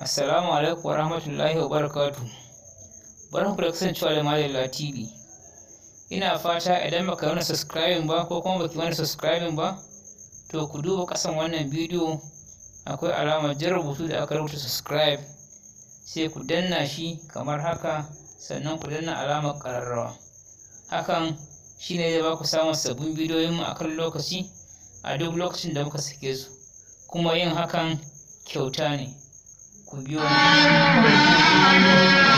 Assalamu alaikum wa rahmatullahi wa barakatu. Barkan ku da kasancewa da Malala TV. Ina fata idan baka wani subscribing ba ko kuma baki wani subscribing ba, to ku duba kasan wannan bidiyo akwai alamar jan rubutu da aka rubuta subscribe sai ku danna shi kamar haka sannan ku danna alamar kararrawa. Hakan shi ne zai ba ku samun sabbin bidiyoyinmu a kan lokaci a duk lokacin da muka sake su. Kuma yin hakan kyauta ne. com guiões.